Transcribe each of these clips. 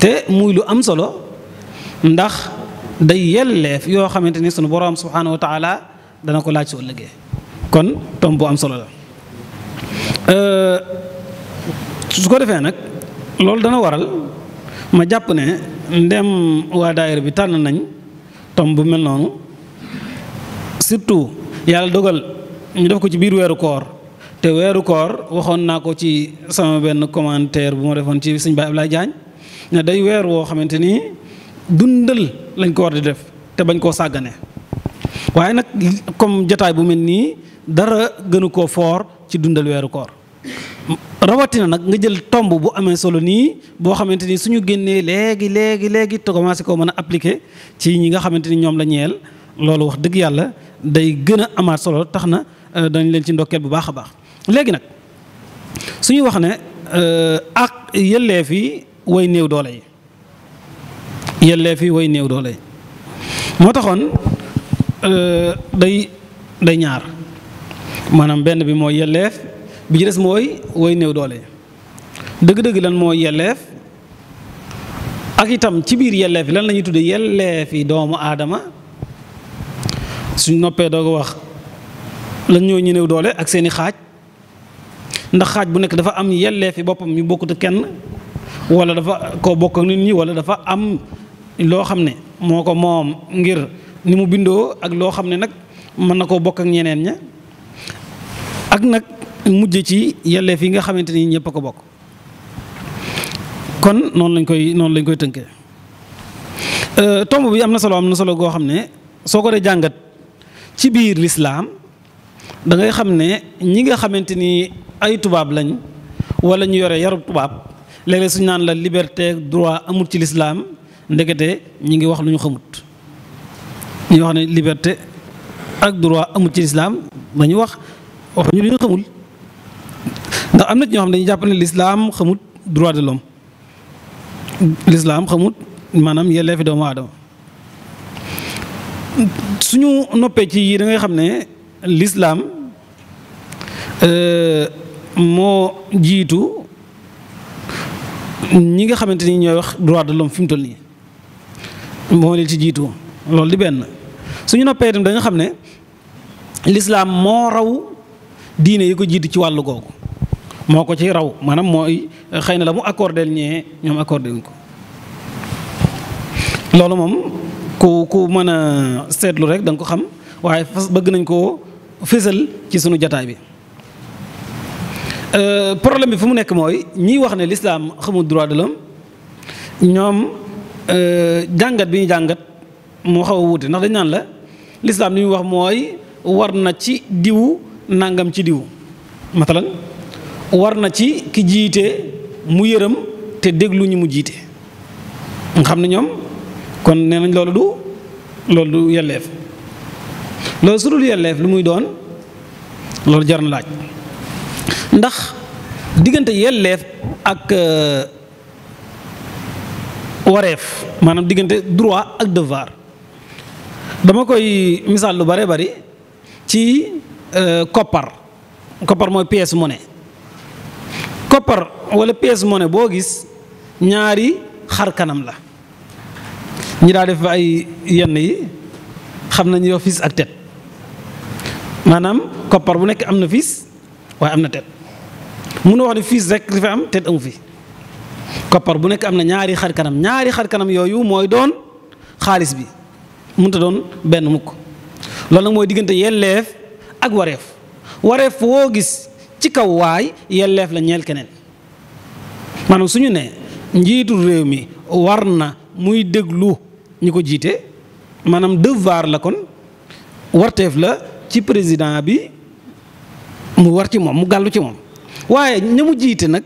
te muy lu am solo ndax day yelleef yoo xamante ni sunu borom subhanahu wa taala dana ko laaj su ëllëgee kon tom bu am solo la su ko defee nag loolu dana waral ma jàpp ne ndem waa daayira bi tànn nañ tom bu mel noonu surtout yàlla dogal ñu def ko ci biir weeru koor te weeru koor waxoon naa ko ci sama benn commentaire bu ma defoon ci sëñ Baye Ablaye Diagne ne day weer woo xamante ni dundal lañ ko war di def te bañ koo sàggane waaye nag comme jataay bu mel nii dara gënu ko foor ci dundal weeru koor rawatina nag nga jël tomb bu amee solo nii boo xamante ni suñu génnee léegi léegi léegi te commencé koo mën a appliquer ci ñi nga xamante ni ñoom la ñeel loolu wax dëgg yàlla day gën a amaat solo tax na euh, dañ leen ci ndokkeel bu baax a baax léegi nag suñu wax ne euh, ak yelleef yi woy néew doole yi yelleef yi way néew doole yi moo taxoon euh, day day ñaar maanaam benn bi mooy yelleef bi ci des mooy woy néew doole yi dëgg-dëgg lan mooy yelleef ak itam ci biir yelleef yi lan la ñuy tudde yelleef yi doomu aadama suñ noppee doo wax lan ñoo ñu néew doole ak seeni xaaj ndax xaaj bu nekk dafa am yelleef boppam yu bokkut kenn wala dafa ko bokk ak nit ñi wala dafa am loo xam ne moo ko moom ngir ni mu bindoo ak loo xam ne nag mën na koo bokk ak ñeneen ña ak nag mujj ci yelleef yi nga xamante ni ñëpp a ko bokk kon noonu lañ koy noonu lañ koy tënkee euh, tomb bi am na solo am na solo goo xam ne soo ko dee jàngat ci biir lislaam dangay xam ne ñi nga xamante ni ay tubaab lañ wala ñu yore yaru tubaab léeg-léeg suñu naan la liberté droit amul ci lislaam ndekete ñi ngi wax lu ñu xamut ñu wax ne liberté ak droit amul ci lislaam dañu wax waxuñu lu ñu xamul ndax am na ci ñoo xam lislaam xamut droit de l'homme lislaam xamut maanaam yelleefi doomu suñu noppee ci yii da xam ne lislaam euh, moo jiitu ñi nga xamante ni ñooy wax droit de lom fi mu toll nii moo leen ci jiitoo loolu di benn suñu noppee itam da xam ne lislaam moo raw diine yi ko jiitu ci wàllu googu moo ko ci raw maanaam mooy xëy na la mu accordé ñee ñoom accordé wuñ ko loolu moom ku ku mën a seetlu rek da nga ko xam waaye fas bëgg nañ koo fésal ci sunu jataay bi Euh, problème bi fu mu nekk mooy ñiy wax ne l'islam xamul droit de l'homme ñoom euh, jàngat bi ñu jàngat moo xaw a wuute ndax dañ naan la l'islam li muy wax mooy war na ci diw nangam ci diw matalan war na ci ki jiite mu yërëm te déglu ñu mu jiite nga xam ne ñoom kon nee nañ loolu du loolu du yelleef loolu su dul yelleef lu muy doon loolu jar na laaj ndax diggante yelleef ak euh, wareef maanaam diggante droit ak devoir dama koy misaal lu bare bari ci euh, koppar koppar mooy pièce mone koppar wala pièce mone boo gis ñaari xar kanam la ñi daa def ay yenn yi xam nañu yow fis ak tet maanaam koppar bu nekk am na fis waaye am na tet mun mënoo wax ne fiis rek li fi am te amu fi koppar bu nekk am na ñaari xarkanam ñaari xar kanam yooyu mooy doon xaalis bi mënut a doon benn mukk lool na mooy diggante yelleef ak wareef wareef woo gis ci kaw waay yelleef la ñeel keneen maanaam su ñu ne njiitu réew mi war na muy déglu ñu ko jiite maanaam devoir la kon warteef la ci président bi mu war ci moom mu gàllu ci moom waaye ña jiite nag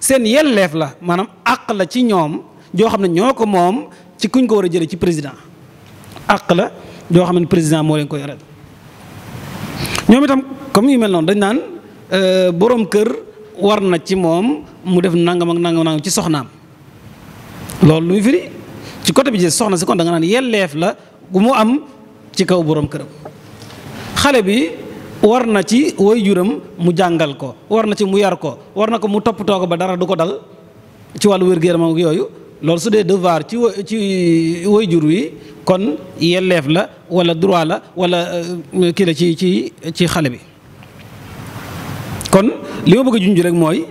seen yelleef la maanaam àq la ci ñoom joo xam ne ñoo ko moom ci kuñ ko war a jëlee ci président àq la joo xam ne président moo leen ko yoreel ñoom itam comme yu mel noonu dañ naan euh, borom kër war na ci moom mu def nangam ak nangam nangam ci soxnaam loolu lu muy firi ci côté bi ci soxna si kon danga nga naan yelleef la bu mu am ci kaw boroom këram xale bi war na ci juram mu jàngal ko war na ci mu yar ko war na ko mu toppatoo ko ba dara du ko dal ci wàllu wér-gu-yaram yooyu loolu su dee devoir ci ci waajur wi kon yelleef la wala droit la wala euh, kii la ci ci ci xale bi kon li ma bëgg a junj rek mooy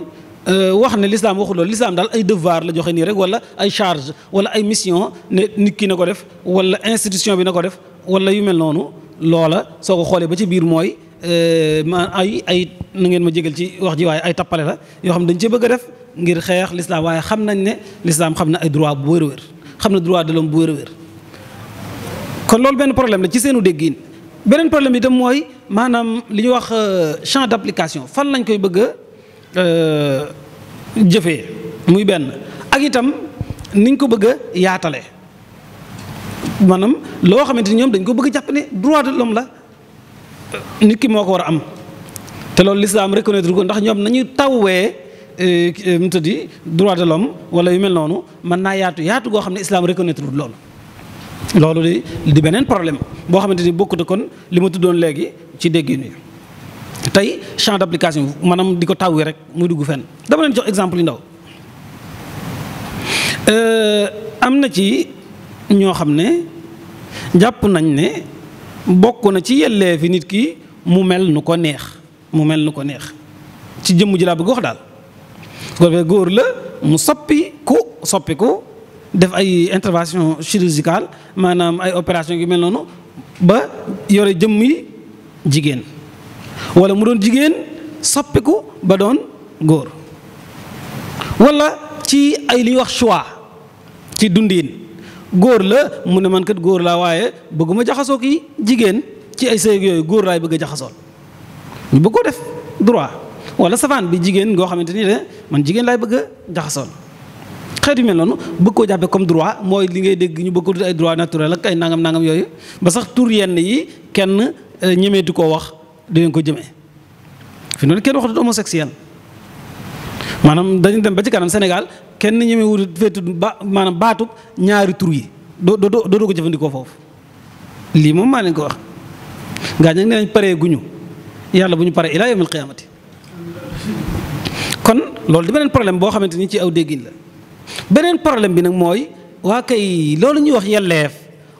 euh, wax ne lislaam waxul loolu lislaam daal ay devoir la joxe nii rek wala ay charge wala ay mission ne nit ki na ko def wala institution bi na ko def wala yu mel noonu loola soo ko xoolee ba ci biir mooy Euh, ma ay ay na ngeen ma jégal ci wax ji waaye ay tappale la yoo xam ne dañ cee bëgg a def ngir xeex lislaam waaye xam nañ ne lislaam xam na ay droit bu wér a wér xam na droit de l'homme bu wér a kon loolu benn problème la ci seenu déggin beneen problème bi itam mooy maanaam li ñuy wax euh, champ d'application fan lañ koy bëgg euh, jëfe muy benn ak itam niñ ko bëgg a yaatale maanaam loo xamante ni ñoom dañ ko bëgg a jàpp ne droit de l'homme la nit ki moo ko war a am te loolu lislaam reconnaître ko ndax ñoom nañu tawwee euh, euh, mu tëddi droit de l'homme wala yu mel noonu mën naa yaatu yaatu goo xam ne islaam reconnaître wul loolu loolu di di beneen problème boo xamante ni bokkute kon li ma tuddoon léegi ci déggin wi tey champ d'application maanaam di ko tawee rek muy dugg fen dama leen jox exemple yu ndaw euh, am na ci ñoo xam ne jàpp nañ ne bokk na ci yellee fi nit ki mu mel nu ko neex mu mel nu ko neex ci jëmm ji laa bëgg daal su ko defee góor la mu soppi ku soppi ku def ay intervention chirurgicale maanaam ay opération yu mel noonu ba yore jëmm yi jigéen wala mu doon jigéen soppiku ba doon góor wala ci ay li wax choix ci dundiin góor la mu ne man kat góor laa waaye bëgguma jaxasoo ki jigéen ci ay sëy yooyu góor laay bëgg a jaxasool ñu bëgg koo def droit wala safaan bi jigéen ngoo xamante ni de man jigéen laay bëgg a jaxasool xeet yu mel noonu bëgg koo jàppee comme droit mooy li ngay dégg ñu bëgg ko tudd ay droit naturel ak ay nangam nangam yooyu ba sax tur yenn yi kenn euh, ñemeetu koo wax dinañ ko jëmee fi noonu kenn waxatut homosexuel maanaam dañu dem ba ci kanam Sénégal kenn ñeme wut fee tudd ba maanaam baatub ñaari tur yi doo doo doo ko jëfandikoo foofu lii moom maa leen ko wax gaa ñi ne nañ paree guñu yàlla bu ñu paree ilaa yawmil qiyaamati kon loolu di beneen problème boo xamante ni ci aw déggin la beneen problème bi nag mooy waa kay loolu ñuy wax yelleef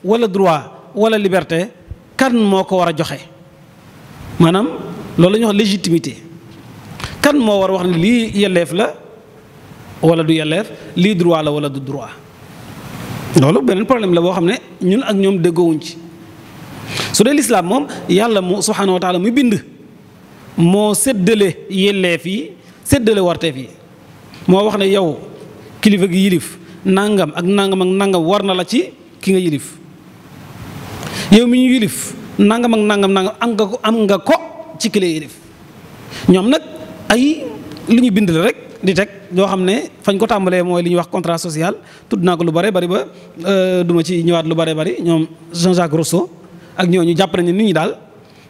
wala droit wala liberté kan moo ko war a joxe maanaam loolu la ñuy wax légitimité kan moo war a wax ne lii yelleef la wala du yelleef lii droit la wala du droit loolu beneen problème la boo xam ne ñun ak ñoom déggoowuñ ci su dee lislaam moom yàlla mu subhaanahu wa mu bind moo séddale yelleef yi séddale warteef yi moo wax ne yow kilifa gi yilif nangam ak nangam ak war na la ci ki nga yilif yow mi ñu yilif nangam ak nangam nangam am nga ko am nga ko ci kile yilif ñoom nag ay li ñu bind la rek di teg yoo xam ne fañ ko tàmbalee mooy li ñuy wax contrat social tudd naa ko lu bare bari ba euh, du ma ci ñëwaat lu bare bari ñoom Jean-Jacques Rousseau ak ñooñu jàpp nañ nit ñi daal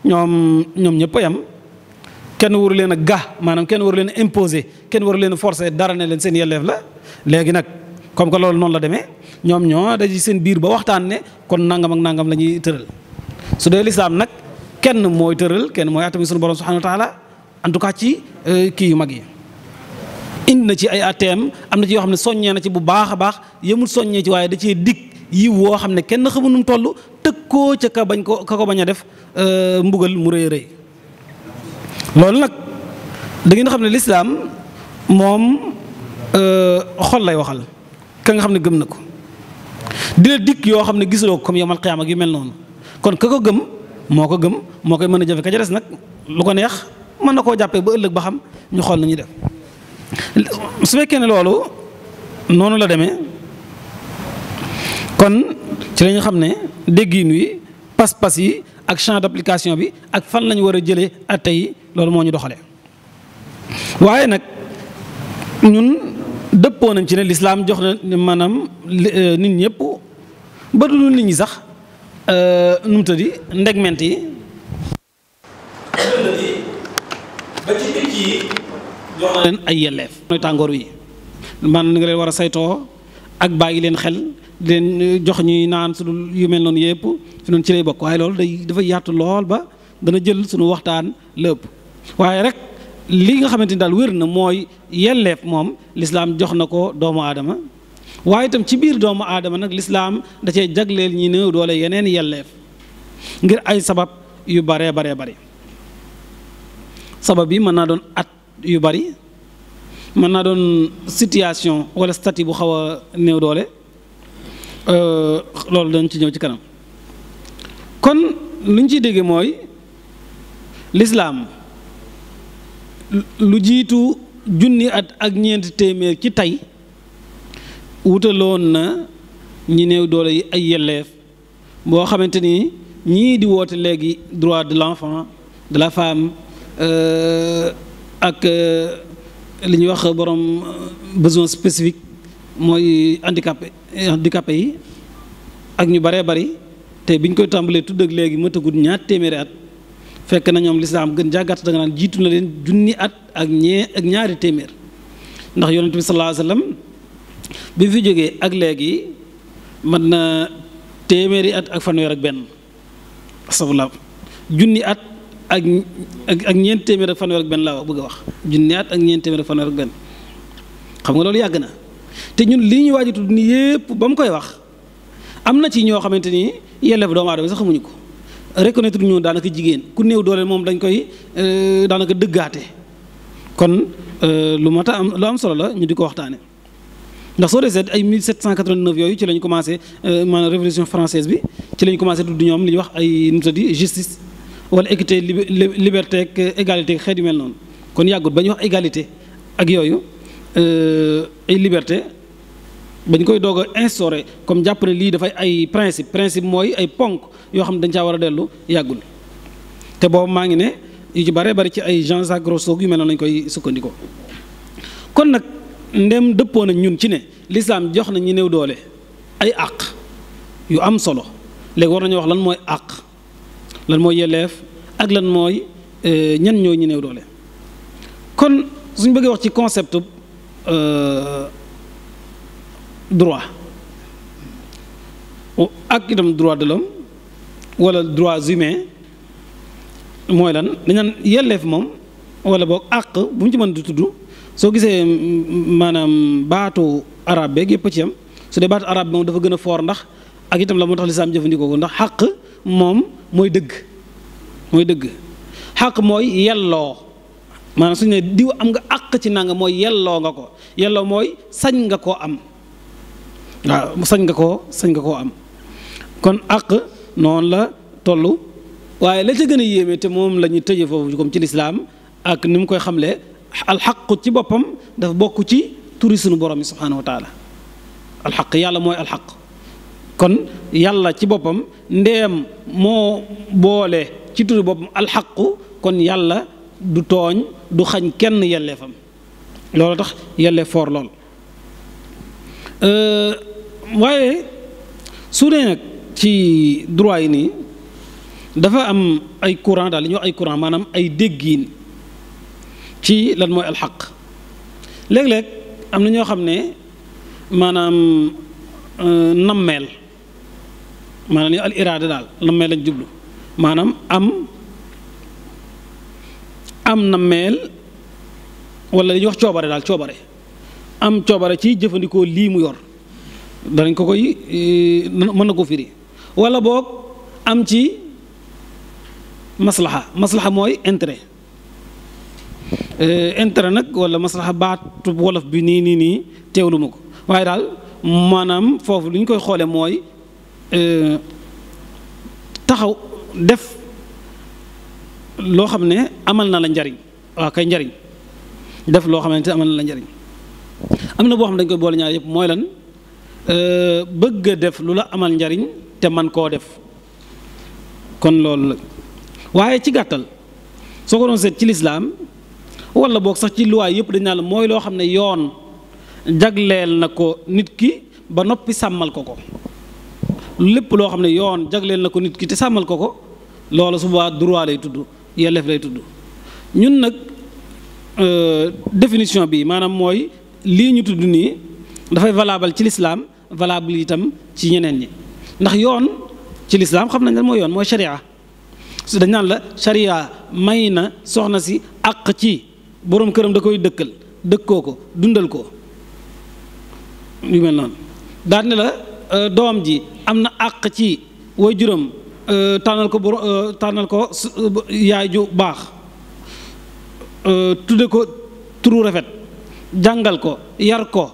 ñoom ñoom ñëpp a yem kenn waru leen a ga maanaam kenn waru leen a kenn waru leen a forcer dara ne leen seen yelleef la léegi nag comme que loolu noonu la demee ñoom ñoo daji seen biir ba waxtaan ne kon nangam ak nangam la ñuy tëral su dee lislaam nag kenn mooy tëral kenn mooy atami suñu borom subhanahu wa taala en tout cas ci euh, kii yu mag yi indi na ci ay ATM am na ci yoo xam ne soññee na ci bu baax a baax yëmul soññee ci waaye da cee dig yiw woo xam ne kenn xamu nu mu toll tëkkoo ca ka bañ ko ka ko bañ a def euh, mbugal mu rëy rëy loolu nag da ngeen xam ne lislaam moom euh, xol lay waxal ka nga xam ne gëm na ko di la dikk yoo xam ne gisuloo ko comme yomal xiyaama ak yu mel noonu kon ka ko gëm moo ko gëm moo koy mën a jafe ka ca des nag lu ko neex mën na koo jàppee ba ëllëg ba xam ñu xool na ñuy def su fekkee ne loolu noonu la demee kon ci lañu xam ne déggin wi pas-pas yi ak champ d'application bi ak fan lañu war a jëlee atte yi loolu moo ñu doxale waaye nag ñun dëppoo nañ ci ne lislaam jox na maanaam euh, nit ñëpp ba du nit ñi sax euh, nu mu tëddi ndegment yi jox na leen ay yelleef tàngoor wi man ni nga leen war a saytoo ak bàyyi leen xel di leen jox ñuy naan su dul yu mel noonu yëpp fi noonu ci lay bokk waaye loolu day dafa yaatu lool ba dana jël suñu waxtaan lépp waaye rek li nga xamante ni daal wér na mooy yelleef moom lislaam jox na ko doomu aadama waaye tam ci biir doomu aadama nag lislaam da cee jagleel ñi néew doole yeneen yelleef ngir ay sabab yu baree baree bare sabab yi mën naa doon at yu bari mën naa doon situation wala statut bu xaw a néew doole euh, loolu dañ ci ñëw ci kanam kon luñ ci dégge mooy lislaam lu jiitu junni at ak ñeenti téeméer ci tey wutaloon na ñi néew doole yi ay yelleef boo xamante ni ñii di woote léegi droit de l'enfant de la femme euh, ak euh, li ñuy wax borom euh, besoin spécifique mooy handicapé handicapé yi ak ñu baree bari te biñ koy tàmbalee tudd ak léegi matagul ñaar téeméeri at fekk na ñoom lislaam gën jàggat danga nga jiitu na leen junni at ak ñee ak ñaari téeméer ndax yonent bi sallallahu alayhi wa bi fi jógee ak léegi mën na téeméeri at ak fanweer ak benn astafurlah junni at ak ak ñeent téeméer ak fanweer ak benn laa bëgg a wax junni at ak ñeent téeméer ak fanweer ak benn xam nga loolu yàgg na te ñun li ñuy waaj a tudd nii yëpp ba mu koy wax am na ci ñoo xamante ni yelleef doomu aadama sax xamuñu ko reconnaître ñu daanaka jigéen ku néew doole moom dañ koy euh, daanaka dëggaate kon euh, lu mat a am lu am solo la ñu di ko waxtaane ndax soo desee ay 1789 yooyu ci lañ commencé euh, maanaam révolution française bi ci lañ commencé tudd ñoom li ñuy wax ay nu mu wala équité liberté ak égalité xeet yu mel noonu kon yàggut ba ñu wax égalité ak yooyu euh, ay liberté bañ koy doog a instauré comme jàpp ne lii dafay ay principe principe mooy ay ponk yoo xam ne dañ caa war a dellu yàggul te boobu maa ngi ne yu ci bare bari ci ay Jean-Jacques Rousseau yu mel noonu lañ koy sukkandikoo kon nag ndem dëppoo nañ ñun ci ne lislaam jox na ñu néew doole ay àq yu am solo léegi war nañu wax lan mooy àq lan mooy yelleef ak lan mooy euh, ñan ñoo ñu néew doole kon suñ bëggee wax ci concept euh, droit ak itam droit de l'homme wala droits humains mooy lan dañaan yelleef moom wala boog àq bu mu ci mën di tudd soo gisee maanaam baatu arab beeg yëpp ci am su dee baatu arab bi moom dafa gën a foor ndax ak itam la moo tax saam jëfandikoo ko ndax xàq moom mooy dëgg mooy dëgg xaq mooy yelloo maanaam suñu ne diw am nga àq ci nanga mooy yelloo nga ko yelloo mooy sañ nga koo am waaw sañ nga ko sañ nga koo am kon àq noonu la toll waaye la gën a yéeme te moom la ñuy tëje foofu comme ci lislaam ak ni mu koy xamle alxaqu ci boppam dafa bokk ci turi suñu borom yi subhaanahu wa taala alxaq yàlla mooy alxaq kon yàlla ci boppam ndeem moo boole ci turu boppam alxaqu kon yàlla du tooñ du xañ kenn yelleefam loolu tax yelle foor lool euh, waaye su dee nag ci droit yi nii dafa am ay courant daal li ñuy ay courant maanaam ay déggiin ci lan mooy alxaq léeg-léeg am na ñoo xam ne maanaam euh, nammeel maanaam yow al iraada daal nammeel lañ jublu maanaam am am nammeel wala li ñuy wax coobare daal coobare am coobare ci jëfandikoo lii mu yor danañ ko koy e, mën na ko firi wala boog am ci maslaxa maslaxa mooy intérêt e, intérêt nag wala maslaxa baatu wolof bi nii nii nii teewlu ma ko waaye daal maanaam foofu li ñu koy xoole mooy Euh, taxaw def loo xam ne amal na la njariñ waaw kay njariñ def loo xam ne te amal na la njariñ am na boo xam ne dañ koy boole ñaar yëpp mooy lan euh, bëgg def lu la amal njariñ te man koo def kon loolu la waaye ci gàttal soo ko doon seet ci lislaam walla boog sax ci luwaay yëpp dañ naa la mooy loo xam ne yoon jagleel na ko nit ki ba noppi sàmmal ko ko lépp loo xam ne yoon jagleel na ko nit ki te sàmmal ko ko loolu su boobaa droit lay tudd yelleef lay tudd ñun nag euh, définition bi maanaam mooy lii ñu tudd nii dafay valable ci lislaam valable itam ci ñeneen ñi ndax yoon ci lislaam xam nañ lan mooy yoon mooy sharia su dañ naan la sharia may na soxna si àq ci boroom këram da koy dëkkal dëkkoo ko dundal ko yu daan ne la euh, doom ji am na àq ci waajuram euh, tànnal ko bu euh, tànnal ko euh, yaay ju baax tudde ko turu rafet jàngal ko yar ko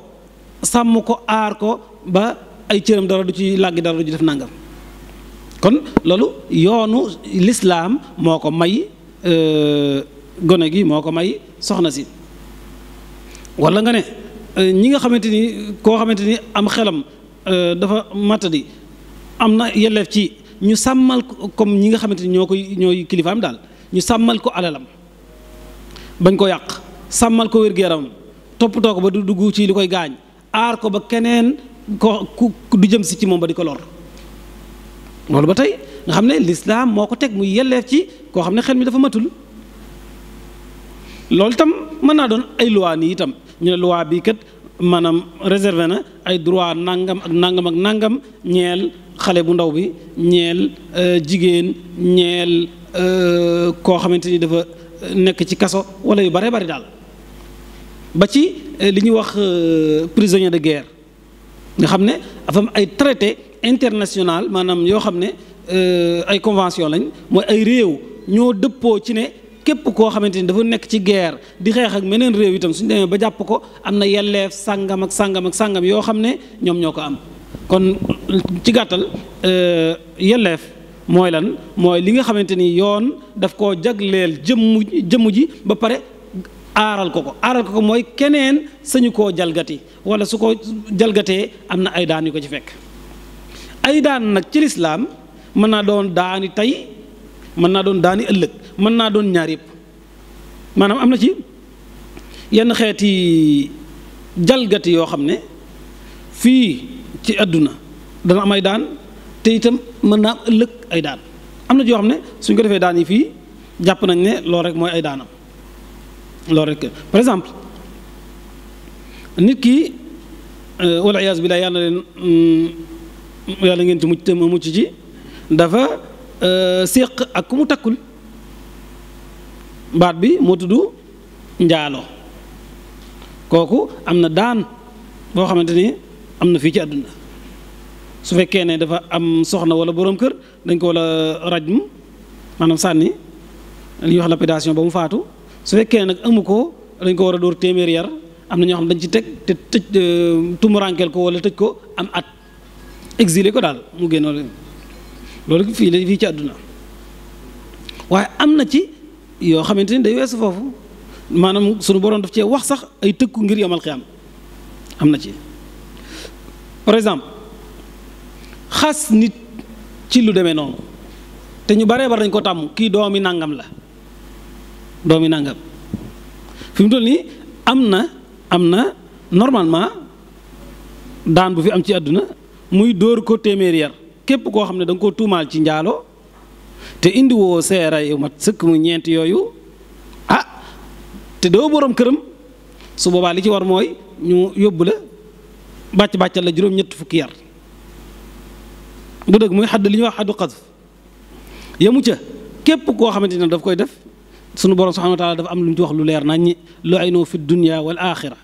sàmm ko aar ko ba ay cëram dara du ci làggi dara du ci def nangam kon loolu yoonu lislaam moo ko may gone gi moo ko may soxna si walla nga ne ñi nga xamante ni koo xamante ni am xelam Euh, dafa matadi am na yelleef ci ñu sàmmal ko comme ñi nga xamante ni ñoo koy ñooy kilifaam daal ñu sàmmal ko alalam bañ ko yàq sàmmal ko wér-gu-yaramam toppatoo ko ba du dugg ci li koy gaañ aar ko ba keneen ko ku du jëm si ci moom ba di ko lor loolu ba tey nga xam ne lislaam moo ko teg muy yelleef ci koo xam ne xel mi dafa matul loolu itam mën naa doon ay luwaa nii itam ñu ne luwaa bii kat maanaam réservé na ay droit nangam ak nangam ak nangam ñeel xale bu ndaw bi ñeel euh, jigéen ñeel euh, koo xamante ni dafa euh, nekk ci kaso wala yu bare bari daal ba ci li ñuy wax prisonnier de guerre nga xam ne dafa am ay traité international maanaam yoo xam ne ay convention lañ mooy ay réew ñoo dëppoo ci ne képp koo xamante ni dafa nekk ci guerre di xeex ak meneen réew itam suñ demee ba jàpp ko am na yelleef sàngam ak sàngam ak sàngam yoo xam ne ñoom ñoo ko am kon ci gàttal euh, yelleef mooy lan mooy li nga xamante ni yoon daf koo jagleel jëmmu jëmm ji ba pare aaral ko ko aaral ko ko mooy keneen sañu koo jalgati wala su ko jalgatee am na ay daan yu ko ci fekk ay nag ci lislaam mën naa doon daani tey mën naa doon daani ëllëg mën naa doon ñaar yëpp maanaam am na ci yenn xeeti jalgati yoo xam ne fii ci àdduna dana am ay daan te itam mën naa am ëllëg ay daan am na ci yoo xam ne suñ ko defee daan yi fii jàpp nañ ne loolu rek mooy ay daanam loolu rek par exemple nit ki euh, wala iyaas billaah yàlla na mm, yàlla ngeen ci mucc te mucc ci dafa Euh, séq ak ku mu takkul mbaat bi moo tuddu njaalo kooku am na daan boo xamante ni am na fii ci àdduna su fekkee ne dafa am soxna wala boroom kër dañ ko raj rajm maanaam sànni li ñuy wax lapidation ba mu faatu su fekkee nag amu ko dañ ko war a dóor téeméeri yar am na ñoo xam dañ ci teg te tëj euh, tumurankeel ko wala tëj ko am at exilé ko daal mu génnoon loolu fii la fii ci àdduna waaye am na ci yoo xamante ni day weesu foofu maanaam sunu boroon daf cee wax sax ay tëkku ngir yomal xiyaam am na ci par exemple xas nit ci lu demee noonu te ñu baree bar dañ ko tàmm kii doomi nangam la doomi nangam fi mu toll nii am na am na normalement daan bu fi am ci àdduna muy dóor ko téeméer yar képp koo xam ne da nga koo tuumaal ci njaalo te indiwoo seera yu mat sëkk mu ñeent yooyu ah te doo borom këram su boobaa li ci war mooy ñu yóbbu la bàcc bàccal la juróom-ñett fukki yar bu dëgg muy xadd li ñuy wax xaddu xasf yamu ca képp koo xamante ne daf koy def sunu borom subhanahu wa taala dafa am lu ñu ci wax lu leer nañ ñi lu aynoo fi dunia wal axira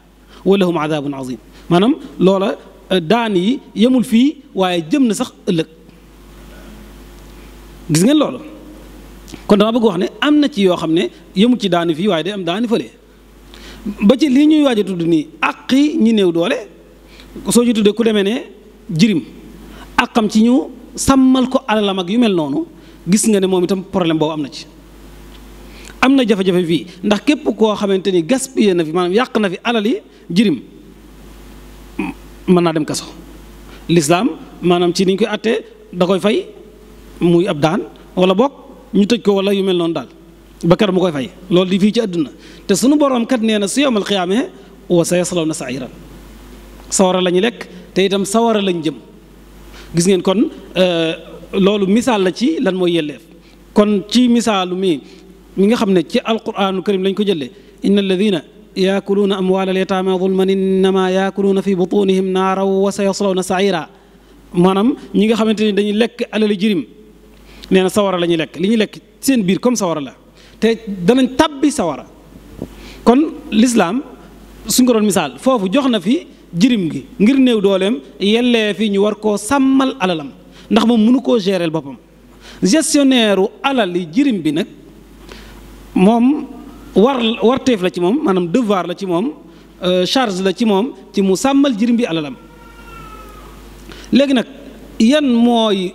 wa lahum adabun azim maanaam loola Euh, daan yi yemul fii waaye jëm na sax ëllëg gis ngeen loolu kon dama bëgg wax ne am na ci yoo xam ne yemul ci daan fii waaye day am daani fële ba ci lii ñuy waaj tudd nii àqi ñi néew doole soo ci tuddee ku demee ne jirim àqam ci ñu sàmmal ko alalam ak yu mel noonu gis nga ne moom itam problème boo am na ci am na jafe-jafe fii ndax képp koo xamante ni gaspillé na fi maanaam yàq na fi alali jirim mën naa dem kaso lislaam maanaam ci liñ koy attee da koy fay muy ab daan wala boog ñu tëj ko wala yu mel noonu daal ba kar mu koy fay loolu di fii ci àdduna te sunu borom kat nee na su yowmal xiyaame wa sa yaslaw na sairan sawara la ñu lekk te itam sawara lañ jëm gis ngeen kon euh, loolu misaal la ci lan mooy yelleef kon ci misaalu mi mi nga xam ne ci alquraanu karim lañ ko jëlee inna alladina yaakuluuna amwaal al yataama zulman innama yaakuluuna fi butunihim naaran wa sa yaslawna saira maanaam ñi nga xamante ni dañuy lekk alali jirim nee na sawara la lekk li ñuy lekk seen biir comme sawara la te danañ tàbbi sawara kon lislaam suñ ko doon misaal foofu jox na fi jirim gi ngir néew dooleem yellee fi ñu war koo sàmmal alalam ndax moom mënu koo gérer boppam gestionnaire alali jirim bi nag moom war warteef la ci moom maanaam devoir la ci moom euh, charge la ci moom ci mu sàmmal jirim bi alalam léegi nag yan mooy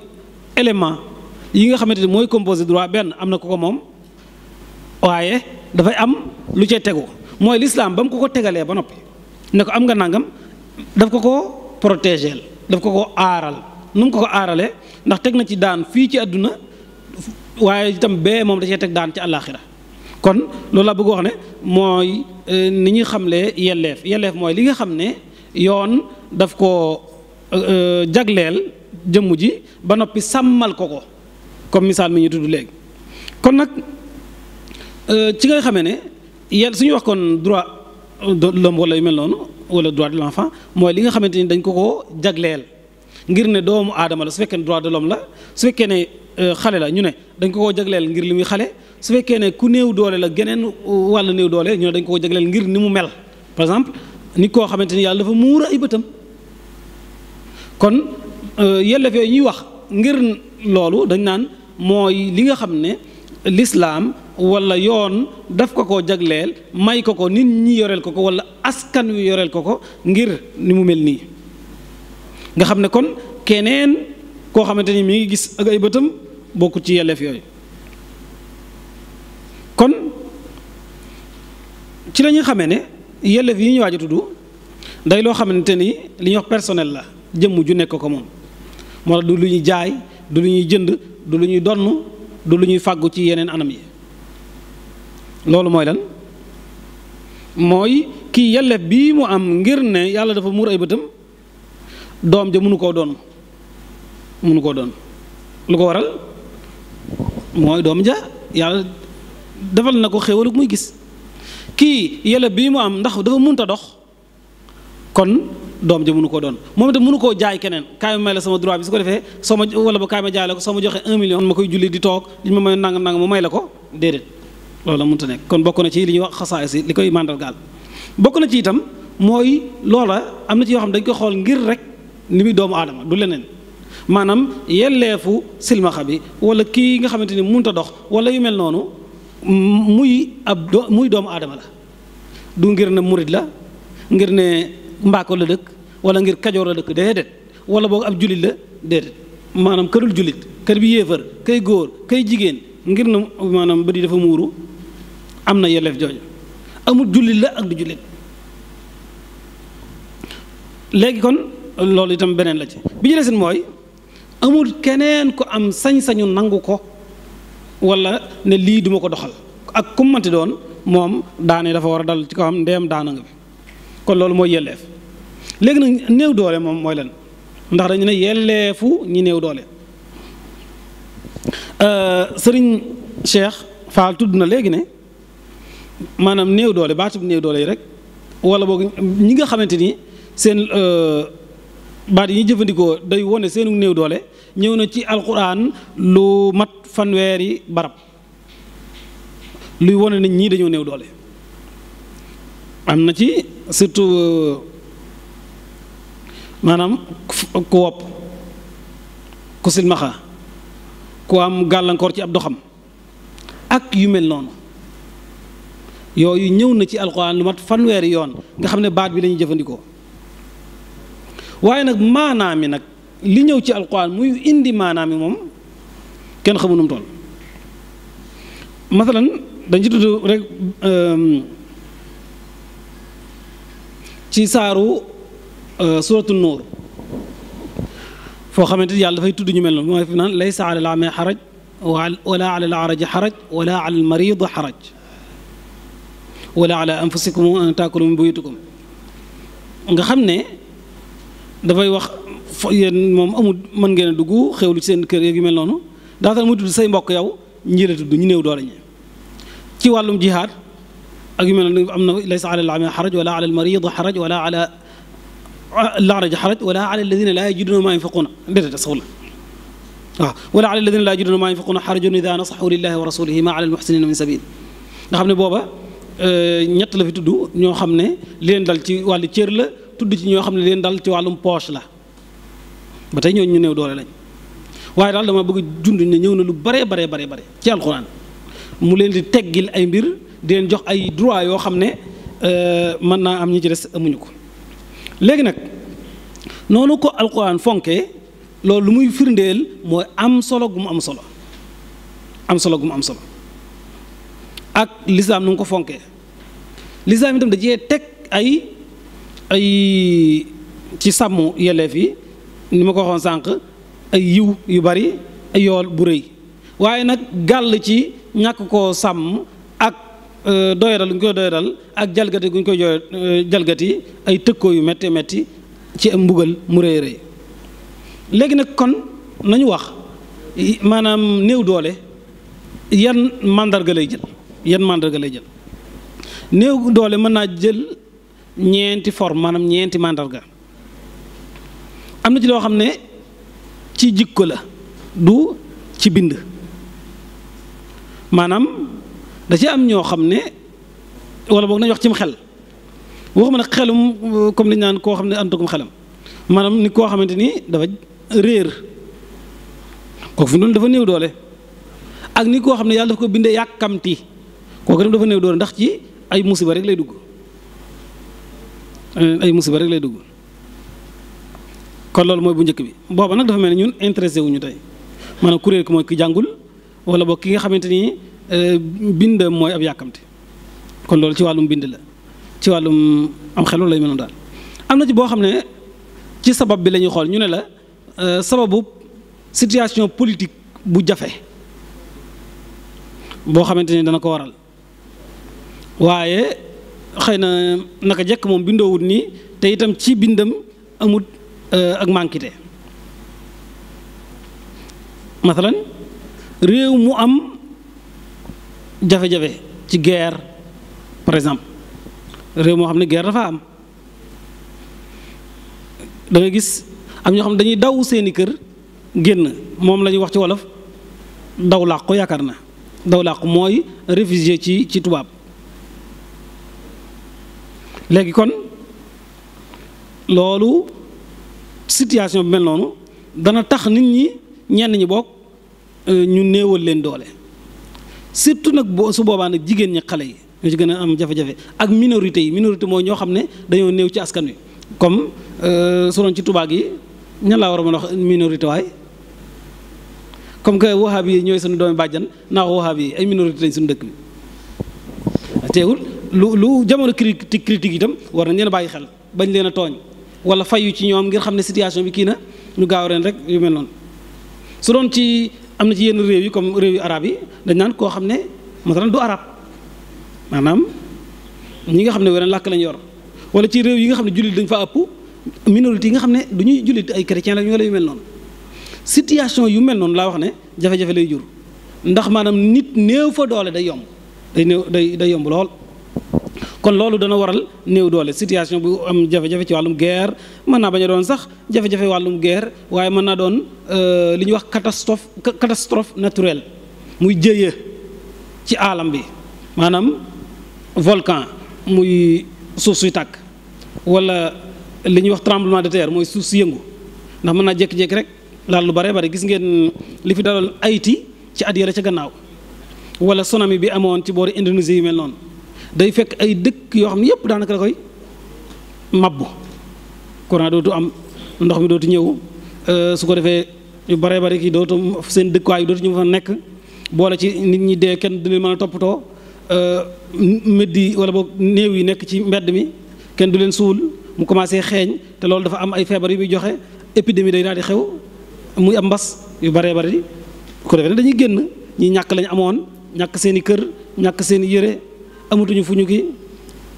élément yi nga xamante ni mooy composé droit benn am na ko ko moom waaye dafay am lu cay tegu mooy lislaam ba ko ko tegalee ba noppi ne ko am nga nangam daf ko ko protégeel daf ko ko aaral nu mu ko ko aaralee ndax teg na ci daan fii ci àdduna waaye itam bee moom da cee teg daan ci àllaaxira kon loolu la bëgg wax ne mooy euh, ni ñuy xamlee yelleef yelleef mooy li nga xam ne yoon daf ko euh, euh, jagleel jëmm ji ba noppi sàmmal ko ko comme misaal mi ñu tudd léegi kon nag ci nga xamee ne su suñu wax kon droit de l'homme wala yu mel noonu wala droit de l'enfant mooy li nga xamante ni dañ ko ko jagleel ngir ne doomu aadama la su fekkee ne droit de l'homme la su fekkee ne xale la ñu ne dañ koo jagleel ngir li muy xale su fekkee ne ku new doole la geneen wàll néew doole ñu ne dañ ko koo jagleel ngir ni mu mel par exemple nit koo xamante ni yàlla dafa muur ay bëtam kon euh, ñuy wax ngir loolu dañ naan mooy li nga xam ne lislaam wala yoon daf ko ko jagleel may ko ko nit ñi yoreel ko ko wala askan wi yoreel ko ko ngir ni mu mel nii nga ngi gis ak ay bëtam bokku ci yelleef yooyu kon ci lañuy xame ne yelleef yi ñu waaj a tudd day loo xamante ni li ñuy wax personnel la jëmm ju nekk ko moom moo tax du lu ñuy jaay du lu ñuy jënd du lu ñuy donn du lu ñuy fàggu ci yeneen anam yi loolu mooy lan mooy kii yelleef bii mu am ngir ne yàlla dafa muur ay bëtam doom ja mënu koo doon mënu koo doon lu ko waral mooy doom ja yàlla defal na ko xéwal muy gis kii yàlla bii mu am ndax dafa mënut a dox kon doom ja mënu koo doon moom itam mënu koo jaay keneen kaay may la sama droit bi su ko defee soo ma wala ba kaay ma jaay la ma joxee un million ma koy julli di toog li ma may nangam nangam ma may la ko déedéet loolu la mënut a nekk kon bokk na ci li ñuy wax xasaayis yi li koy màndargaal bokk na ci itam mooy loola am na ci yoo xam dañ koy xool ngir rek ni muy doomu aadama du leneen. maanaam yelleefu silmaxa bi wala kii nga xamante ni mënut a dox wala yu mel noonu muy ab do muy doomu aadama la du ngir ne murit la ngir ne mbaako la dëkk wala ngir kajoor la dëkk déedéet wala boog ab julit la déedéet maanaam kërul julit kër bi yéefar kay góor kay jigéen ngir na maanaam ba di dafa muuru am na yelleef jooju amul jullit la ak du jullit léegi kon loolu itam beneen la ci bi ñu desin mooy amul keneen ko am sañ-sañu nangu ko wala ne lii duma ko doxal ak ku doon moom daanee dafa war a dal ci ko xam ndeem daana nga bi kon loolu mooy yelleef léegi nag néew doole moom mooy leen ndax dañ ne yelleefu ñi néew doole euh, sëriñ Cheikh Fall tudd na léegi ne maanaam néew doole baatub néew doole yi rek wala boog ñi nga xamante ni seen euh, baat yi ñu jëfandikoo day wone seenu néew doole ñëw na ci alquran lu mat fanweeri barab luy wone nañ ñii dañoo néew doole am na ci surtout euh, maanaam ku wopp ku silmaxa ku am gàllankoor ci ab doxam ak yu mel noonu yooyu ñëw na ci alquran lu mat fanweeri yoon nga xam ne baat bi lañuy jëfandikoo waaye nag maanaa mi nag li ñëw ci alquran muy indi maanaa mi moom kenn xamu nu mu toll masalan dañ ci rek euh, ci saaru euh, suratu nuur foo xamante yàlla dafay tudd ñu mel noonu mooy fi naan laysa ala al xaraj wala ala al-araji xaraj wala ala al-marid xaraj wala ala anfusikum an taakulu min buyutikum nga xam ne dafay wax fo yéen moom amul mën ngeen a dugg xewlu ci seen kër yeeg yu mel noonu daanaka mu tudd say mbokk yow ñii la tudd ñu néew doole ci wàllum jihaad ak yu mel noonu am na laysa ala al-a'ma xaraj wala ala al-marid xaraj wala ala al-a'raj xaraj wala ala alladina laa yajiduna ma yunfiquna déedéet sax la waaw wala ala alladina laa yajiduna ma yunfiquna xarajun ida nasaxu lillahi wa rasulihi ma ala al-muxsinina min sabil nga xam ne booba euh, ñett la fi tudd ñoo xam ne li leen dal ci wàllu cër la tudd ci ñoo xam ne leen dal ci wàllum poche la ba tey ñooñu ñu néew doole lañ waaye daal dama bëgg jund ne ñëw na lu bare bare bare bare ci alxuraan mu leen di teggil ay mbir di leen jox ay droit yoo xam ne euh, mën naa am ñi ci des amuñu ko léegi nag noonu ko alxuraan fonkee loolu lu muy firndeel mooy am solo gu mu am solo am solo gu am solo ak lislaam nu mu ko fonkee lislaam itam da cee teg ay ay ci sàmm yelleef yi ni ma ko waxoon sànq ay yiw yu bari ay yool bu rëy waaye nag gàll ci ñàkk ko sàmm ak euh, doyadal gu ñu koy doyadal ak jalgati gu ñu koy euh, jalgati ay tëkkoo yu metti metti ci mbugal mu rëy rëy léegi nag kon nañu wax maanaam néew doole yan màndarga lay jël yan màndarga lay jël néew doole mën naa jël ñeenti forme maanaam ñeenti màndarga am na ci loo xam ne ci jikko la du ci bind maanaam da ci am ñoo xam ne wala boog nañ wax cim xel waxuma ne xelum comme li ñu naan koo xam ne antagum xelam maanaam ni koo xamante ni dafa réer kooku fi mu dafa new doole ak ni koo xam ne yàlla dafa ko bindee yàkkamti kooku dem dafa new doole ndax ci ay musiba rek lay dugg. Euh, ay musiba rek lay dugg kon loolu mooy bu njëkk bi booba nag dafa mel ni ñun intéressé wuñu tey maanaam kuréel ki mooy ki jàngul wala boog ki nga xamante ni euh, bind mooy ab yàkkamte kon loolu ci wàllum bind la ci wàllum am xelu lay mel daal am na ci boo xam ne ci sabab bi lañuy xool ñu ne la euh, sababu situation politique bu jafe boo xamante ni dana ko waral waaye xëy na naka jekk moom bindoowut nii te itam ci bindam amut euh, ak mànkite mathalan réew mu am jafe-jafe ci guerre par exemple réew moo xam ne guerre dafa am da gis am ñoo xam dañuy daw seeni kër génn moom la ñuy wax ci wolof daw làqu yaakaar na daw làqu mooy réfugié ci ci tubaab léegi kon loolu situation bi mel noonu dana tax nit ñi ñenn ñi bokk euh, ñu néewal leen doole surtout nag boo su boobaa nag jigéen ñi xale yi ñoo ci gën a am jafe-jafe ak minorité yi minorité mooy ñoo xam ne dañoo néew ci askan wi comme euh, su doon ci tubaab yi ñan laa war a mën a wax waay comme que wahab yi ñooy suñu doomi bàjjan naa wax wahab yi ay minorité lañ suñu dëkk bi teewul lu lu jamono critique critique tam war nañ leen a bàyyi xel bañ leen a tooñ wala fayu ci ñoom ngir xam ne situation bi kii na ñu gaaw reen rek yu mel noonu su ci am na ci yenn réew yi comme réew yu arab dañ naan koo xam ne masalan du arab maanaam ñi nga xam ne weneen làkk lañ yor wala ci réew yi nga xam ne jullit dañ fa ëpp minorité yi nga xam ne du ñuy jullit ay chrétien la ñu yu mel noonu situation yu mel noonu laa wax ne jafe-jafe lay jur ndax maanaam nit néew fa doole day yomb day néew day day yomb lool kon loolu dana waral néew doole situation bu am jafe-jafe ci wàllum guerre mën naa bañ a doon sax jafe-jafe wàllum guerre waaye mën naa doon euh, li ñuy wax catastrophe catastrophe naturelle muy jëye ci alam bi maanaam volcan muy suuf suy tàkk wala li ñuy wax tremblement de terre mooy suuf si yëngu ndax mën naa jékki-jékki rek laal lu bare bare gis ngeen li fi daloon Haïti ci at yële ci gannaaw wala tsunami bi amoon ci boori Indonésie yi mel noonu day fekk ay dëkk yoo xam ne yëpp daanaka da koy mabbu courant dootu am ndox mi dootu ñëw euh, su ko defee yu baree bari kii dootu seen dëkkuwaay dootu ñu fa nekk boole ci nit ñi dee kenn du leen mën a toppatoo euh, mbedd yi wala boog néew yi nekk ci mbedd mi kenn du leen suul mu commencé xeeñ te loolu dafa am ay feebar yu muy joxe épidémie day daal di xew muy am mbas yu baree bari ko defee ne dañuy génn ñi ñàkk lañ amoon ñàkk seen i kër ñàkk seeni yére amatuñu fu ñu gi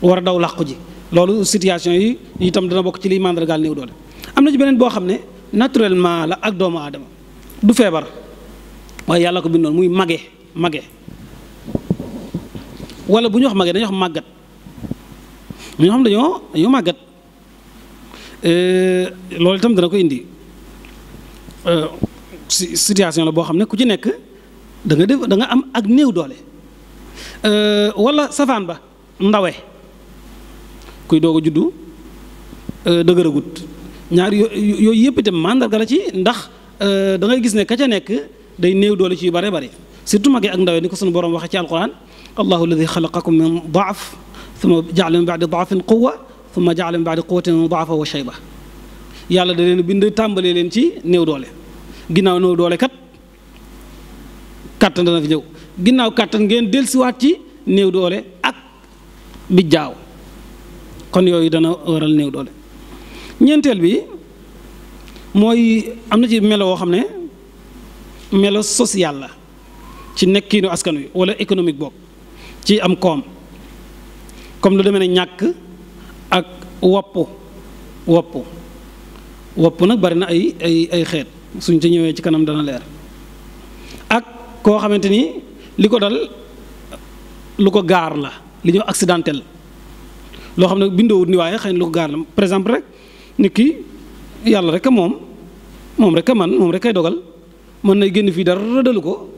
war a daw làqu ji loolu situation yi itam dana bokk ci liy màndargaal néew doole am na ci beneen boo xam ne naturellement la ak doomu aadama du feebar waaye yàlla ko bindoon muy mage mage wala bu ñu wax mage dañuy wax màggat ñu xam dañoo dañoo màggat euh, loolu itam dana ko indi euh, si situation la boo xam ne ku ci nekk danga nga def da am ak néew doole Euh, wala safaan ba ndawe kuy doo a juddu euh, dëgëragut ñaar yooyu yëpp itam màndarga la ci ndax euh, da ngay gis ne ka ca nekk day néew doole ci yu bare bare surtout mage ak ndawe ni ko sunu borom waxee ci alquran allahu alladi xalaqakum min daaf thumma jaala min baadi daafin quwa thumma jaala min baadi quwatin daafa wa shayba yàlla da leen bind tàmbalee leen ci néew doole ginnaaw néew doole kat kàttan dana fi ñëw ginnaaw kàttan ngeen dellusiwaat ci néew doole ak bi jaaw kon yooyu dana waral néew doole ñeenteel bi mooy am na ci melo woo xam ne melo social la ci nekkiinu askan wi wala économique boobu ci am koom comme lu demee ne ñàkk ak wopp wopp wopp nag bari na ay ay ay xeet suñ ci ñëwee ci kanam dana leer ak koo xamante ni li ko dal lu ko gaar la li ñuy accidentel loo xam ne bindoowut ni waaye xëy na lu ko gaar la par exemple rek nit ki yàlla rek moom moom rek a man moom rek kay dogal mën na génn fii dara dalu ko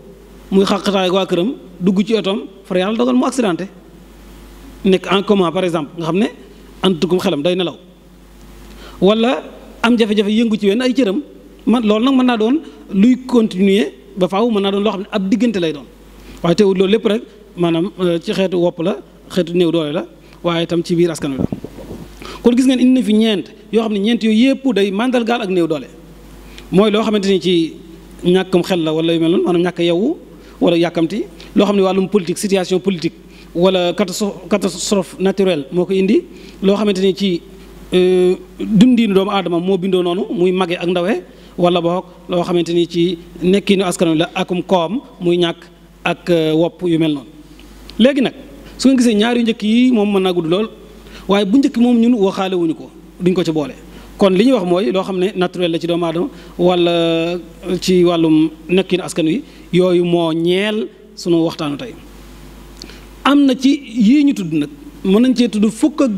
muy xàqataay waa këram dugg ci otoom far yàlla dogal mu accidenté nekk en comment par exemple nga xam ne antukum xelam day nelaw wala am jafe-jafe yëngu ci wenn ay cëram man loolu nag mën naa doon luy continuer ba faaw mën naa doon loo xam ne ab diggante lay doon waaye teewul loolu lépp rek maanaam euh, ci xeetu wopp la xeetu néew doole la waaye tam ci biir askan wi la kon gis ngeen indi na fi ñeent yoo xam ne ñeent yooyu yëpp day màndargaal ak néew doole mooy loo xamante ni ci ñàkkum xel la wala yu mel noonu maanaam ñàkk yewwu wala yàkkamti loo xam ne wàllum politique situation politique wala catastrophe naturelle moo ko indi loo xamante ni ci euh, dundiinu doomu aadama moo bindoo noonu muy mage ak ndawe wala boog loo xamante ni ci nekkinu askan wi la akum koom muy ñàkk ak euh, wopp yu mel noonu léegi nag su ngeen gisee ñaari njëkk yi moom mën naa gudd lool waaye bu njëkk moom ñun waxaale wuñu ko duñ ko ci boole kon li ñuy wax mooy loo xam ne naturel la ci doomu wala euh, ci wàllum nekkin askan wi yooyu moo ñeel sunu waxtaanu tey am na ci yii ñu tudd nag mën nañ cee tudd fukk ak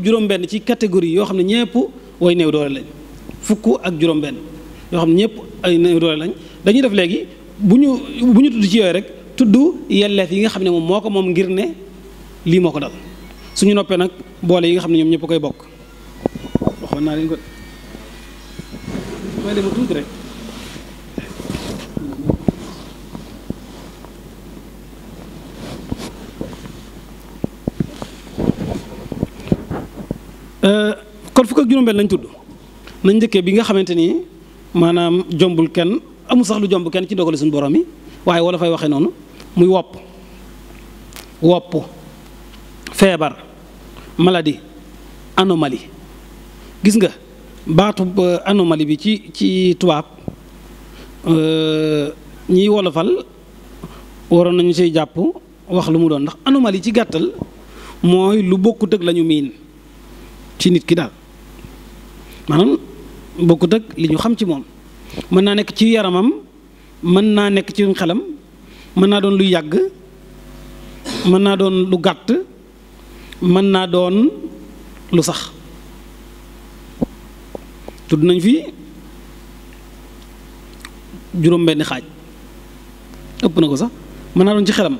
ci catégorie yoo xam ne ñëpp way néew doole lañ fukk ak juróom-benn yoo xam ne ñëpp ay néew doole lañ dañuy def léegi bu ñu bu ñu tudd ci yooyu rek tudd yelleef yi nga xam ne moom moo ko moom ngir ne lii moo ko dal suñu noppee nag boole yi nga xam ne ñoom ñëpp koy bokk waxoon naa leen ko may dema tuuti rek euh, kon fukk ak juróom-benn lañ tudd nañ njëkkee bi nga xamante ni maanaam jombul kenn amul saxlu lu jomb kenn ci ndogale suñu borom yi waaye wala fay waxee noonu muy wopp wopp feebar maladie anomalie gis nga baatu euh, anomalie bi ci ci tubaab euh, ñiy wolofal waroon nañu say jàpp wax lu mu doon ndax anomalie ci gàttal mooy lu bokkut ak la miin ci nit ki daal maanaam bokkut ak li ñu xam ci moom mën naa nekk ci yaramam mën naa nekk ci xelam. mën naa doon luy yàgg mën naa doon lu gàtt mën naa doon lu sax tudd nañ fi juróom-benni xaaj ëpp na ko sax mën naa doon ci xelam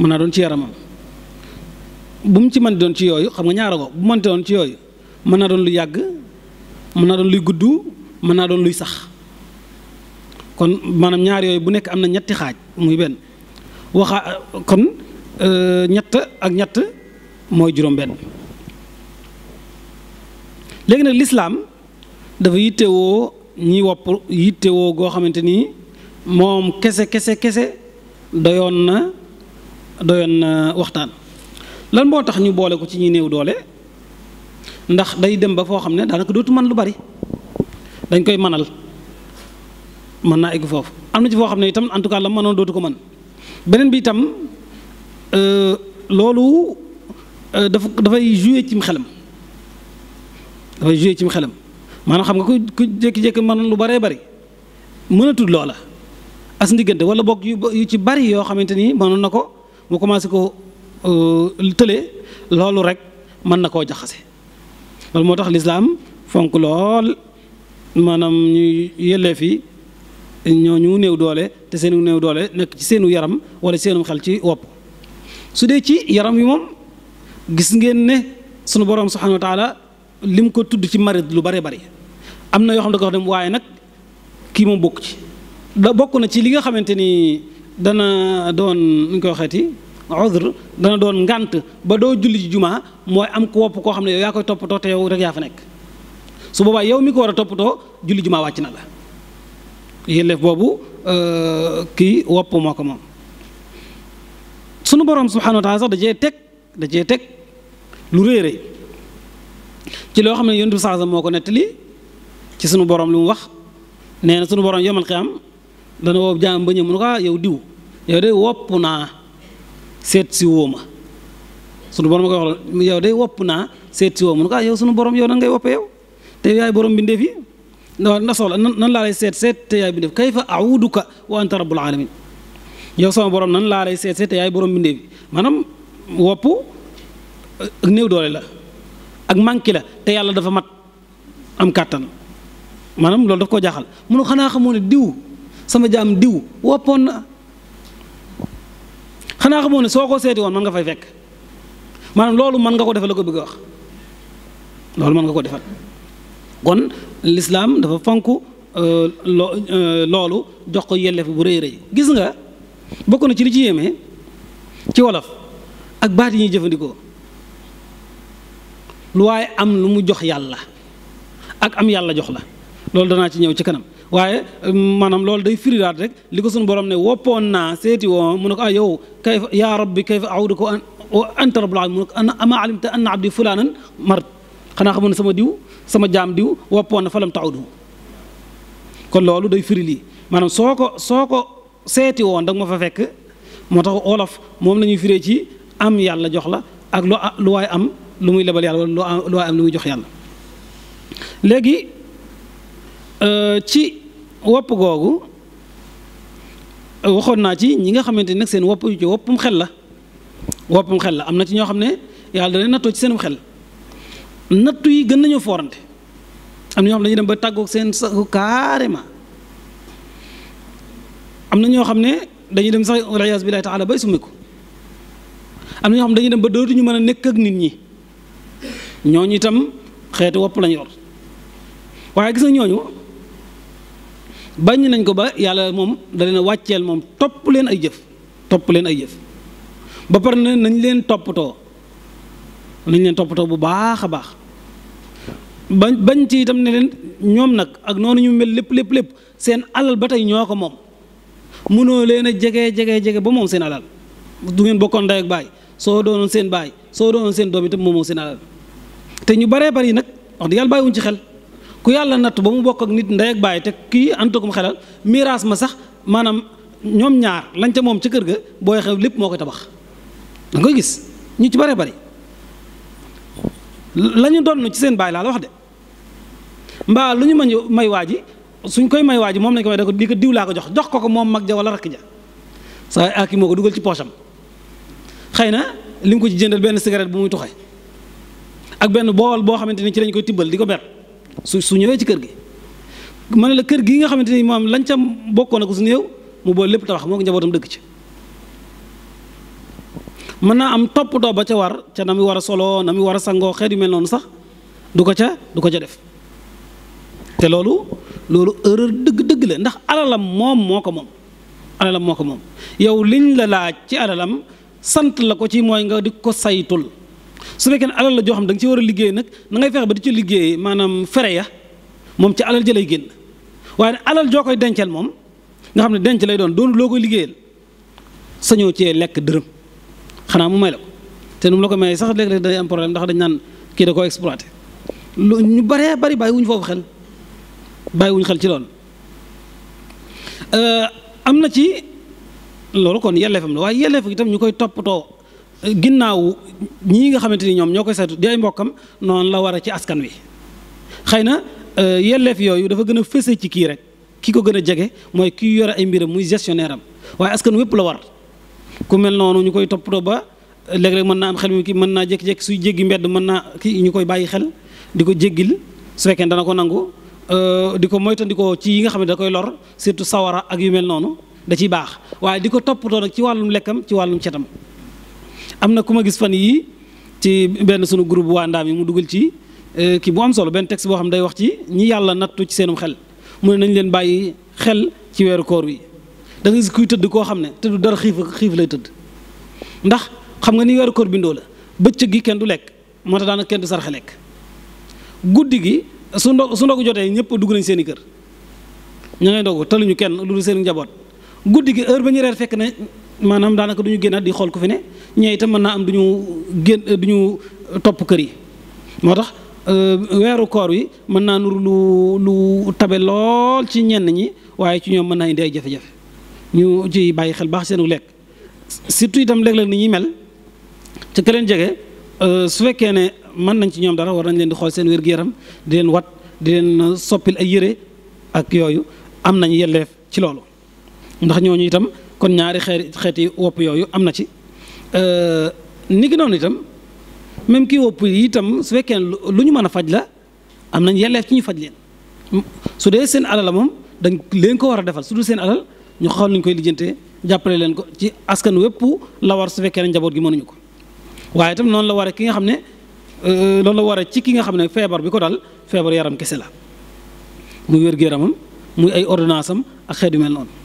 mën naa doon ci yaramam bu mu ci mën doon ci yooyu xam nga ñaara ko bu mënti doon ci yooyu mën naa doon lu yàgg mën naa doon luy gudd mën naa doon luy sax kon maanaam ñaar yooyu bu nekk am na ñetti xaaj muy benn waxa kon euh, ñett ak ñett mooy juróom-benn léegi nag lislaam dafa yittewoo ñi wopp yittewoo goo xamante nii moom kese kese kese doyoon na doyoon na waxtaan lan moo tax ñu boole ko ci ñuy néew doole ndax day dem ba foo xam ne daanaka dootu man lu bari dañ koy manal mën naa egg foofu am na ci foo xam ne itam en tout la mu mënoon dootu ko mën beneen bi itam euh, loolu euh, dafa dafay joué cim xelam dafay joué cim xelam maanaam xam nga ku ku jékki mën lu baree bari mënatul loola as ndiggante wala boog yu ci bari yoo xamante ni mënoon na ko mu commencé ko euh, tële loolu rek mën na koo jaxase loolu moo tax lislaam fonk lool maanaam ñuy yellee fi ñooñu néew doole te seenu néew doole nekk ci seenu yaram wala seenu xel ci wopp su dee ci yaram wi moom gis ngeen ne sunu borom subhanahu wa taala lim ko tudd ci marid lu bare bari am na yoo xam ne ko wax waaye nag kii moom bokk ci da bokk na ci li nga xamante ni dana doon nuñ koy waxeeti udr dana doon ngànt ba doo julli jumaa mooy am ku koo xam ne yow yaa koy toppatoo te yow rek yaa fa nekk su boobaa yow mi ko war a toppatoo julli jumaa wàcc na la yëlleef boobu euh, kii wopp moo ko moom sunu borom subhanahu wa taala sax da cee teg da cee teg lu rëy rëy ci loo xam ne yonent saasa moo ko nettali ci sunu borom lu mu wax nee sunu borom yomal xiyaam dana woo jaam ba ñëw mu ne ko ah, diw yow day wopp naa seet si wóoma sunu borom yow day wopp naa seet si wóoma mu ne ko ah, yow sunu borom yow nan ngay woppe te yaay borom bindee fii waaw na soxla nan nan laa lay seet seet te yaay bindéef kayfa auduka wa anta rabbul alamin yow sama borom nan laa lay seet seet te yaay borom bindéef bi maanaam wopp ak euh, néew doole la ak manqué la te yàlla dafa mat am kàttan maanaam loolu daf koo jaaxal munu xanaa xamoo ne diw sama jaam diw woppoon na xanaa xamoo soo ko seeti woon mën nga fay fekk maanaam loolu mën nga ko defal la ko bëgg a wax loolu mën nga koo defal kon lislaam dafa fonk euh, loo euh, loolu jox ko yelleef bu rëy rëy gis nga bokk na ci li ci yéeme ci wolof ak baat yi ñuy jëfandikoo lu waaye am lu mu jox yàlla ak am yàlla jox la loolu danaa ci ñëw ci kanam waaye maanaam loolu day firiraat rek li ko suñu borom ne woppoon naa seeti woo mu ne ko ah yow kayfa yaa rabbi kayfa aawdu ko anta rabbul alamin mu ne ko ama alimta anna abdi fulaanan mart xanaa xamoon sama diw sama jaam diw woppoon na falam taxudu kon loolu day firi lii maanaam soo ko soo ko seeti woon da nga ma fa fekk moo tax olof moom la ñuy firee ci am yàlla jox la ak lu lu am lu muy lebal yàlla wala lu waay muy jox yàlla léegi euh, ci wopp googu waxoon naa ci ñi nga xamante nag seen wopp ci woppum xel la woppum xel la am na ci ñoo xam ne yàlla da leen nattoo ci seenum xel nattu yi gën nañoo forante am na ñoo xam dañuy dem ba tàggoog seen sago carrément am na ñoo xam ne dañuy dem sax waliyaas billahi taala bay summiku am na ñoo xam dañu dem ba dootuñu mën a nekk ak nit ñi ñooñ itam xeetu wopp lañ yor waaye gis nga ñooñu bañ nañ ko ba yàlla moom da leen wàcceel moom topp leen ay jëf topp leen ay jëf ba pare nañ leen toppatoo nañ leen toppatoo bu baax a baax bañ bañ ci itam ne leen ñoom nag ak noonu ñu mel lépp lépp lépp seen alal ba tey ñoo ko moom munoo leen a jege jege jege ba moom seen alal du ngeen bokkoon ndey baay soo doonoon seen baay soo doonoon seen doom itam moom moom seen te ñu baree bari nag wax dëgg yàlla ci xel ku yàlla natt ba mu bokk ak nit ndey ak baay te kii antakum xelal miraas ma sax maanaam ñoom ñaar lañ ca moom ca kër ga booy xew lépp moo koy tabax da nga koy gis ñu ci baree bari lañu doon ci seen baay laa la wax de. mbaa lu ñu mañ may waa ji suñ koy may waa ji moom lañ ko may ko di diw laa ko jox jox ko ko moom mag ja wala rakk ja sa aki moo ko dugal ci poosam xëy na li ko ci jëndal benn cigarette bu muy tuxee ak benn bool boo xamante ni ci lañ koy tibbal di ko ber su su ñëwee ci kër gi mën ne la kër gi nga xamante ni moom lañ ca bokkoon ak su néew mu bool lépp tabax moo ko njabootam dëkk ci mën naa am toppatoo ba ca war ca na war a soloo na mu war a sangoo xeet yu mel noonu sax du ko ca du ko ca def te loolu loolu erreur dëgg-dëgg la ndax alalam moom moo ko moom alalam moo ko moom yow liñ la laaj ci alalam sant la ko ci mooy nga di ko saytul su fekkee ne alal la joo xam ne nga ci war a liggéey nag na ngay fexe ba di ci liggéey maanaam fere ya moom ci alal jëlay génn waaye alal joo koy dencal moom nga xam ne denc lay doon doonu loo koy liggéeyal sañoo cee lekk dërëm xanaa mu may la ko te nu mu la ko may sax léeg-léeg day am problème ndax dañ naan kii da koo exploité ñu baree bari bàyyi wuñu foofu bàyyiwuñ xel ci loolu euh, am na ci loolu kon yelleefam la waaye yelleef tam ñu koy toppatoo ginnaaw ñii nga xamante ni ñoom ñoo koy saytu di ay mbokkam noonu la war a ci askan wi xëy na euh, yelleef yooyu dafa gën a fëse ci kii rek ki ko gën a jege mooy kii yore ay mbiram muy gestionnaire am waaye askan wépp la war ku mel noonu ñu koy toppatoo ba léeg-léeg mën naa am xel mi ki mën naa jékki-jékki suy jéggi mbedd mën naa ki ñu koy bàyyi xel di ko jéggil su fekkee dana ko nangu Euh, di ko moytandikoo ci yi nga xam ne da koy lor surtout sawara ak yu mel noonu da ciy baax waaye di ko toppatoo nag ci wàllum lekkam ci wàllum cetam am na ku ma gis fan yii ci benn sunu groupe waa ndaam yi mu dugal ci euh, kii bu am solo benn texte boo xam day wax ci ñi yàlla nattu ci seenum xel mu ne nañ leen bàyyi xel ci weeru koor wi da nga gis kuy tëdd koo xam ne tëdd dara xiif xiif lay tëdd ndax xam nga ni weeru koor bindoo la bëccëg gi kenn du lekk moo tax daanaka kenn du saraxe lekk guddi gi su ndog su ndog jotee ñëpp dugg nañ seen i kër ña ngay ndogu taluñu kenn lu dul seen njaboot guddi gi heure ba ñu reer fekk ne maanaam daanaka du ñu génnaat di xool ko fi ne ñee itam mën naa am du ñu génn du ñu topp kër yi moo tax euh, weeru koor yi mën naa nuru lu lu tabe lool ci ñenn ñi waaye ci ñoom mën naa indi ay jafe-jafe ñu ci bàyyi xel baax seenu lekk surtout itam léeg-léeg ni ñuy mel ci ka jege Euh, su fekkee ne mën nañ ci ñoom dara war nañ leen di xool seen wér-gu-yaram di leen wat di leen euh, soppil ay yére ak yooyu am nañ yelleef ci loolu ndax ñooñu itam kon ñaari xeet xeeti wopp yooyu am na ci euh, ni ki noonu itam même kii wopp yi itam su fekkee lu ñu mën a faj la am nañ yelleef ci ñu faj leen su dee seen alal moom dañ leen ko war a defal su dul seen alal ñu xaw nuñ koy lijjantee jàppale leen ko ci askan wépp la su fekkee ne njaboot gi mënuñu ko waaye itam noonu la war a ki nga xam ne loolu euh, la war a ci ki nga xam ne feebar bi ko dal feebar yaram kese la muy wér-gu-yaramam muy ay ordonnance am ak xeet yu mel noonu